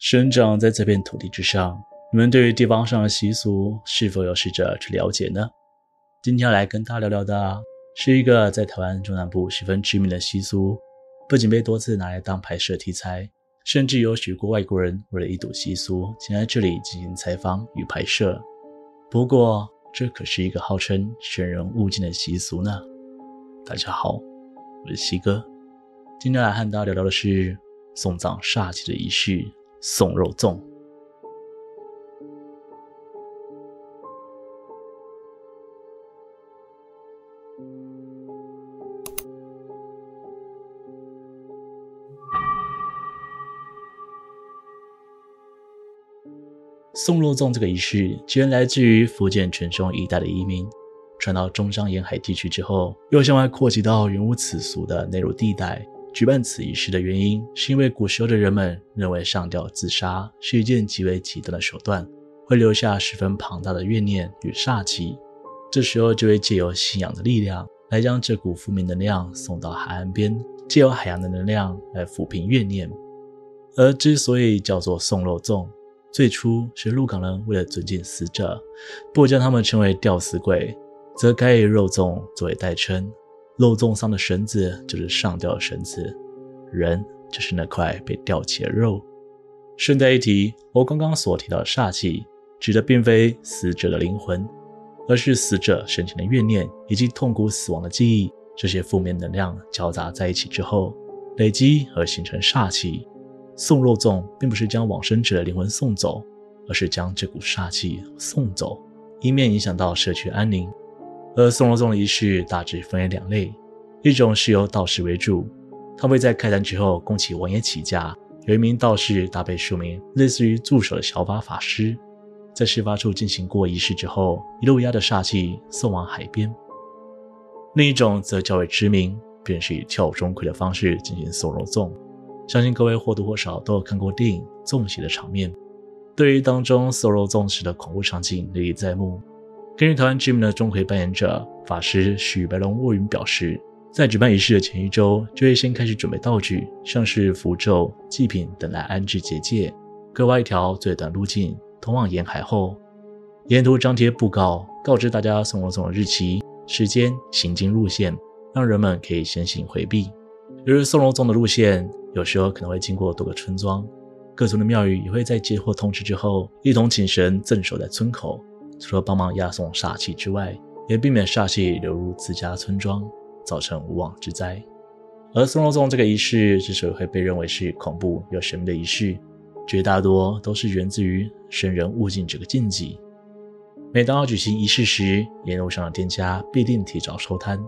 生長在這片土地之上，你們對於地方上的習俗是否有試着去了解呢？今天要來跟大家聊聊的，是一個在台灣中南部十分知名的習俗，不僅被多次拿來當拍攝題材，甚至有許多外國人為了一睹習俗，前來這裡進行採訪與拍攝。不過，這可是一個號稱生人勿近的習俗呢。大家好，我是西哥，今天要來和大家聊聊的是送葬煞氣的儀式。送肉粽。送肉粽這個儀式，既然來自於福建泉州一帶的移民，傳到中山沿海地區之後，又向外擴及到原無此俗的內陸地帶。舉辦此儀式的原因，是因為古時候的人們認為上吊自殺是一件極為極端的手段，會留下十分龐大的怨念與煞氣。這時候就會借由信仰的力量，來將這股負面能量送到海岸邊，借由海洋的能量來撫平怨念。而之所以叫做送肉粽，最初是鹿港人為了尊敬死者，不將他們稱為吊死鬼，則改以肉粽作為代稱。肉粽上的繩子就是上吊的繩子，人就是那塊被吊起的肉。順帶一提，我剛剛所提到的煞氣，指的並非死者的靈魂，而是死者生前的怨念，以及痛苦死亡的記憶，這些負面能量交雜在一起之後，累積而形成煞氣。送肉粽並不是將往生者的靈魂送走，而是將這股煞氣送走，以免影響到社區安寧。而送肉粽的儀式大致分為兩類，一種是由道士為主，他會在開壇之後恭請王爺起駕，由一名道士搭配數名類似於助手的小法法師，在事發處進行過儀式之後，一路壓着煞氣送往海邊。另一種則較為知名，便是以跳鍾馗的方式進行送肉粽，相信各位或多或少都有看過電影《粽邪》的場面，對於當中送肉粽時的恐怖場景歷歷在目。根據台灣知名的鍾馗扮演者法師許白龍臥雲表示，在舉辦儀式的前一周，就會先開始準備道具，像是符咒、祭品等來安置結界；規劃一條最短路徑通往沿海後，沿途張貼布告，告，告知大家送肉粽的日期、時間、行經路線，讓人們可以先行迴避。由於送肉粽的路線有時候可能會經過多個村莊，各村的廟宇也會在接獲通知之後，一同請神鎮守在村口。除了幫忙押送煞氣之外，也避免煞氣流入自家村莊，造成無妄之災。而送肉粽這個儀式之所以會被認為是恐怖又神秘的儀式，絕大多數都是源自於“生人勿近”這個禁忌。每當要舉行儀式時，沿路上的店家必定提早收攤，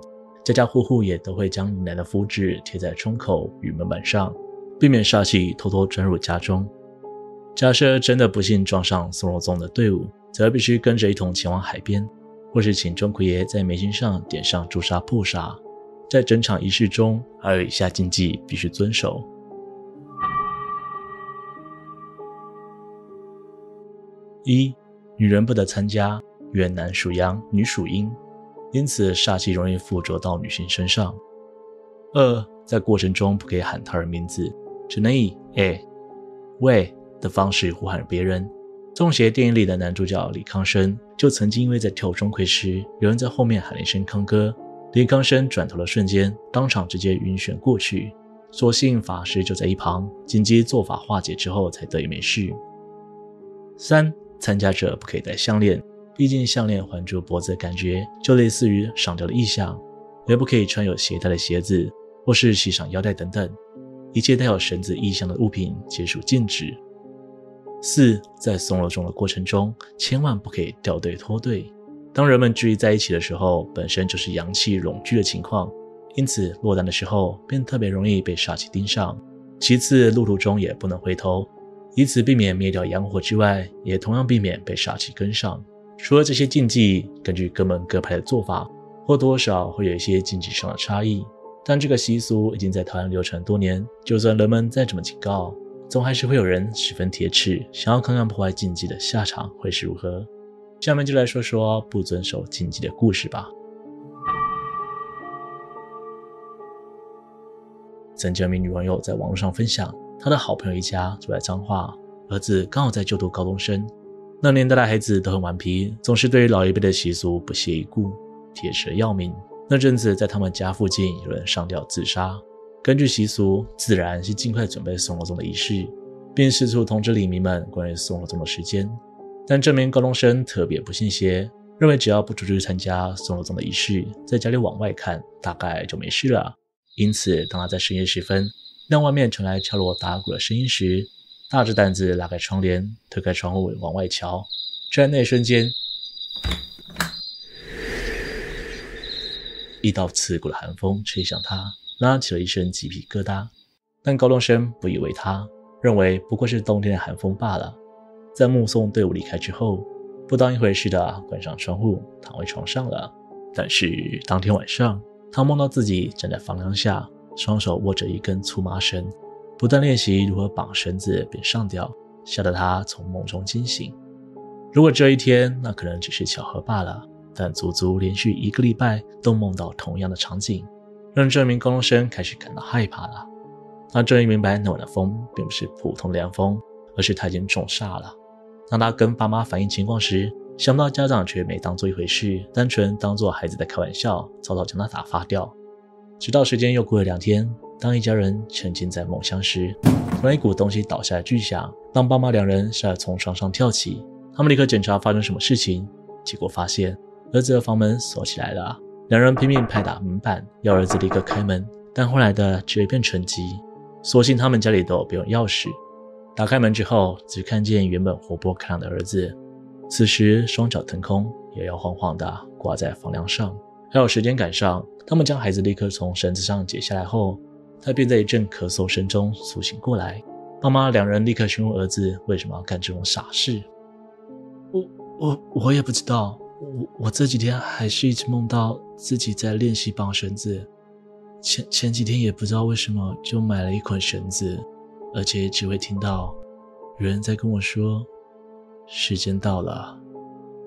家家戶戶也都會將雲南的符紙貼在窗口與門板上，避免煞氣偷偷鑽入家中。假設真的不幸撞上送肉粽的隊伍。則必須跟着一同前往海邊，或是請鍾馗爺在眉心上點上朱砂破煞。在整場儀式中，還有以下禁忌必須遵守： 一、女人不得參加，緣男屬陽，女屬陰，因此煞氣容易附着到女性身上； 二、在過程中不可以喊他人名字，只能以“誒， 喂、hey ”的方式呼喊別人。《中邪》電影裡的男主角李康生就曾經因為在跳鍾馗時，有人在後面喊了一聲“康哥”，李康生轉頭的瞬間，當場直接暈眩過去。所幸法師就在一旁，緊急做法化解之後，才得以沒事。三、參加者不可以戴項鏈，畢竟項鏈環住脖子的感覺就類似於上吊的意象，也不可以穿有鞋帶的鞋子，或是繫上腰帶等等，一切帶有繩子意象的物品皆屬禁止。四、在送肉粽中的過程中，千萬不可以掉隊脫隊。當人們聚集在一起的時候，本身就是陽氣攏聚的情況，因此落單的時候便特別容易被煞氣盯上。其次，路途中也不能回頭，以此避免滅掉陽火之外，也同樣避免被煞氣跟上。除了這些禁忌，根據各門各派的做法，或多少會有一些禁忌上的差異。但這個習俗已經在台灣流傳多年，就算人們再怎麼警告。總還是會有人十分鐵齒，想要看看破壞禁忌的下場會是如何。下面就來說說不遵守禁忌的故事吧。曾經，有名女網友在網絡上分享，她的好朋友一家住在彰化，兒子剛好在就讀高中生。那年代的孩子都很頑皮，總是對於老一輩的習俗不屑一顧，鐵齒要命。那陣子，在他們家附近有人上吊自殺。根據習俗，自然是儘快準備送肉粽的儀式，並試圖通知里民們關於送肉粽的時間。但這名高中生特別不信邪，認為只要不出去參加送肉粽的儀式，在家裡往外看大概就沒事了。因此，當他在深夜時分，讓外面傳來敲鑼打鼓的聲音時，大着膽子拉開窗簾，推開窗戶往外瞧。就在那一瞬間，一道刺骨的寒風吹向他。拉起了一身雞皮疙瘩，但高中生不以為他，認為不過是冬天的寒風罷了。在目送隊伍離開之後，不當一回事的關上窗戶，躺回床上了。但是當天晚上，他夢到自己站在房梁下，雙手握着一根粗麻繩，不斷練習如何綁繩子並上吊，嚇得他從夢中驚醒。如果這一天，那可能只是巧合罷了，但足足連續一個禮拜都夢到同樣的場景。讓這名高中生開始感到害怕了。他終於明白，那晚的風並不是普通的涼風，而是他已經中煞了。當他跟爸媽反映情況時，想不到家長卻沒當做一回事，單純當做孩子在開玩笑，早早將他打發掉。直到時間又過了兩天，當一家人沉浸在夢鄉時，突然一股東西倒下的巨響，當爸媽兩人嚇得從床上跳起。他們立刻檢查發生什麼事情，結果發現兒子的房門鎖起來了。兩人拼命拍打門板，要兒子立刻開門，但換來的只一片沉寂。索性他們家裡都沒用鑰匙。打開門之後，只看見原本活潑開朗的兒子，此時雙腳騰空，搖搖晃晃地掛在房樑上。還有時間趕上，他們將孩子立刻從繩子上解下來後，他便在一陣咳嗽聲中甦醒過來。爸媽兩人立刻詢問兒子為什麼要幹這種傻事？我我我也不知道。我我這幾天還是一直夢到自己在練習綁繩子，前前幾天也不知道為什麼就買了一捆繩子，而且也只會聽到有人在跟我說：“時間到了，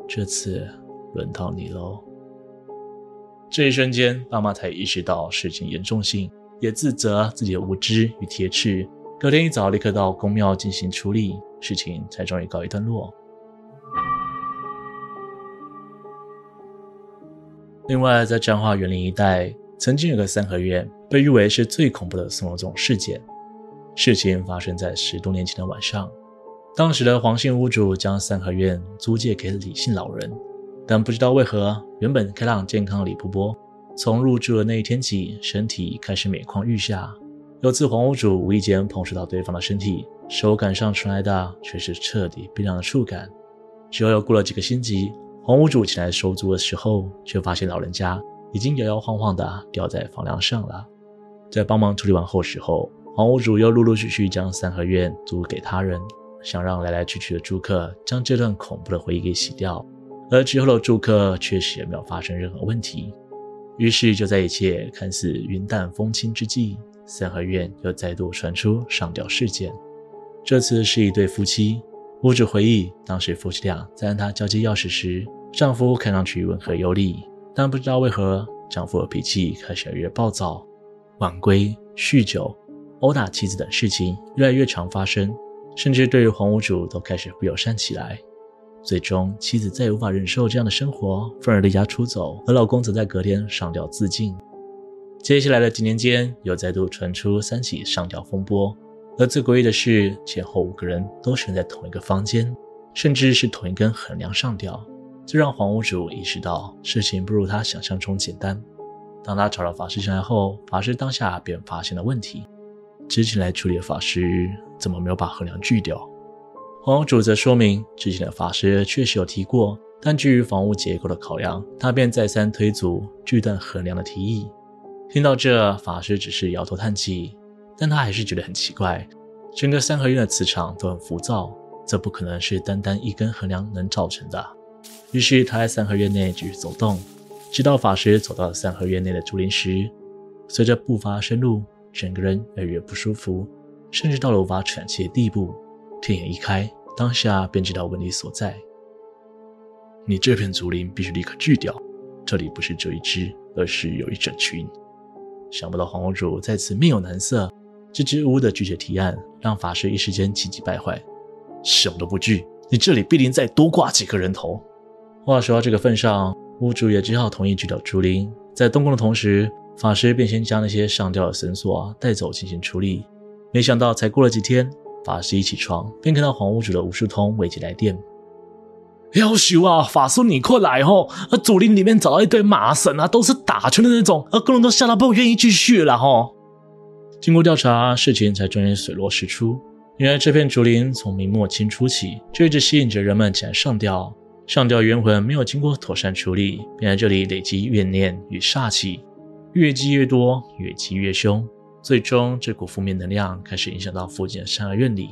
這次輪到你嘍。”這一瞬間，爸媽才意識到事情嚴重性，也自責自己的無知與鐵齒。隔天一早，立刻到公廟進行處理，事情才終於告一段落。另外，在彰化員林一帶，曾經有個三合院，被譽為是最恐怖的送肉粽事件。事情發生在十多年前的晚上，當時的黃姓屋主將三合院租借給李姓老人，但不知道為何，原本開朗健康的李婆婆，從入住的那一天起，身體開始每況愈下。有次黃屋主無意間碰觸到對方的身體，手感上傳來的卻是徹底冰涼的觸感。之後又過了幾個星期。黃屋主前來收租的時候，卻發現老人家已經搖搖晃晃地吊在房梁上了。在幫忙處理完後事後，黃屋主又陸陸續續將三合院租給他人，想讓來來去去的住客將這段恐怖的回憶給洗掉。而之後的住客確實也沒有發生任何問題。於是，就在一切看似雲淡風輕之際，三合院又再度傳出上吊事件。這次是一對夫妻。屋主回憶，當時夫妻倆在跟他交接鑰匙時，丈夫看上去溫和有禮，但不知道為何，丈夫的脾氣開始越暴躁，晚歸、酗酒、毆打妻子等事情越來越常發生，甚至對於黃屋主都開始不友善起來。最終，妻子再也無法忍受這樣的生活，憤而離家出走，而老公則在隔天上吊自盡。接下來的幾年間，又再度傳出三起上吊風波。而最詭異的是，前後五個人都是在同一個房間，甚至是同一根橫梁上吊，這讓房屋主意識到事情不如他想象中簡單。當他找到法師前來後，法師當下便發現了問題：之前來處理的法師怎麼沒有把橫梁鋸掉？房屋主則說明，之前的法師確實有提過，但基於房屋結構的考量，他便再三推阻鋸斷橫梁的提議。聽到這，法師只是搖頭嘆氣。但他還是覺得很奇怪，整個三合院的磁場都很浮躁，這不可能是單單一根橫梁能造成的。於是他在三合院內繼續走動，直到法師走到了三合院內的竹林時，隨着步伐的深入，整個人越來越不舒服，甚至到了無法喘氣的地步。天眼一開，當下便知道問題所在。你這片竹林必須立刻鋸掉，這裡不是只有一隻，而是有一整群。想不到黃公主在此面有難色。支支吾吾的拒絕提案，讓法師一時間氣急敗壞，什麼都不懼，你這裡必定再多掛幾個人頭。話說到這個份上，屋主也只好同意去掉竹林。在動工的同時，法師便先將那些上吊的繩索帶走進行處理。沒想到才過了幾天，法師一起床便看到黃屋主的無數通未接來電，夭壽、哎、啊，法師你快來吼、哦！而竹林裡面找到一堆麻繩啊，都是打圈的那種，而工人都嚇得不願意繼續了吼、哦。經過調查，事情才終於水落石出。原來這片竹林從明末清初起，就一直吸引着人們前來上吊。上吊冤魂沒有經過妥善處理，便在這裡累積怨念與煞氣，越積越多，越積越凶。最終，這股負面能量開始影響到附近的善惡院裡。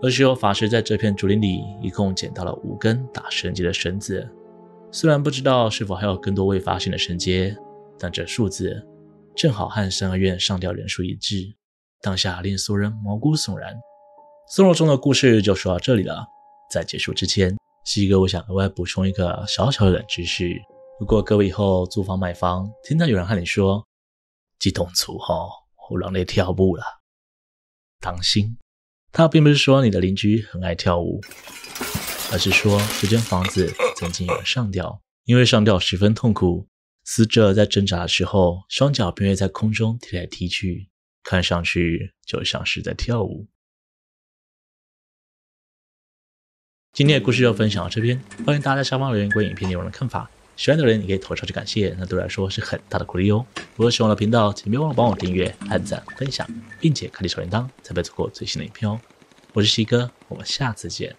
而只有法師在這片竹林裡一共撿到了五根打繩結的繩子。雖然不知道是否還有更多未發現的繩結，但這數字。正好和三合院上吊人數一致，當下令所有人毛骨悚然。送肉粽的故事就說到這裡了。在結束之前，西哥我想額外補充一個小小的冷知識：如果各位以後租房買房，聽到有人和你說“激同租後，我老爹跳步了”，當心，他並不是說你的鄰居很愛跳舞，而是說這間房子曾經有人上吊，因為上吊十分痛苦。死者在掙扎的時候，雙腳便會在空中踢來踢去，看上去就像是在跳舞。今天的故事就分享到這邊，歡迎大家在下方留言關於影片內容的看法。喜歡的人也可以投上去感謝，那對我來說是很大的鼓勵哦。如果喜歡我的頻道，請別忘了幫我訂閱、按讚、分享，並且開啟小鈴鐺，才不會錯過最新的影片哦。我是西哥，我們下次見。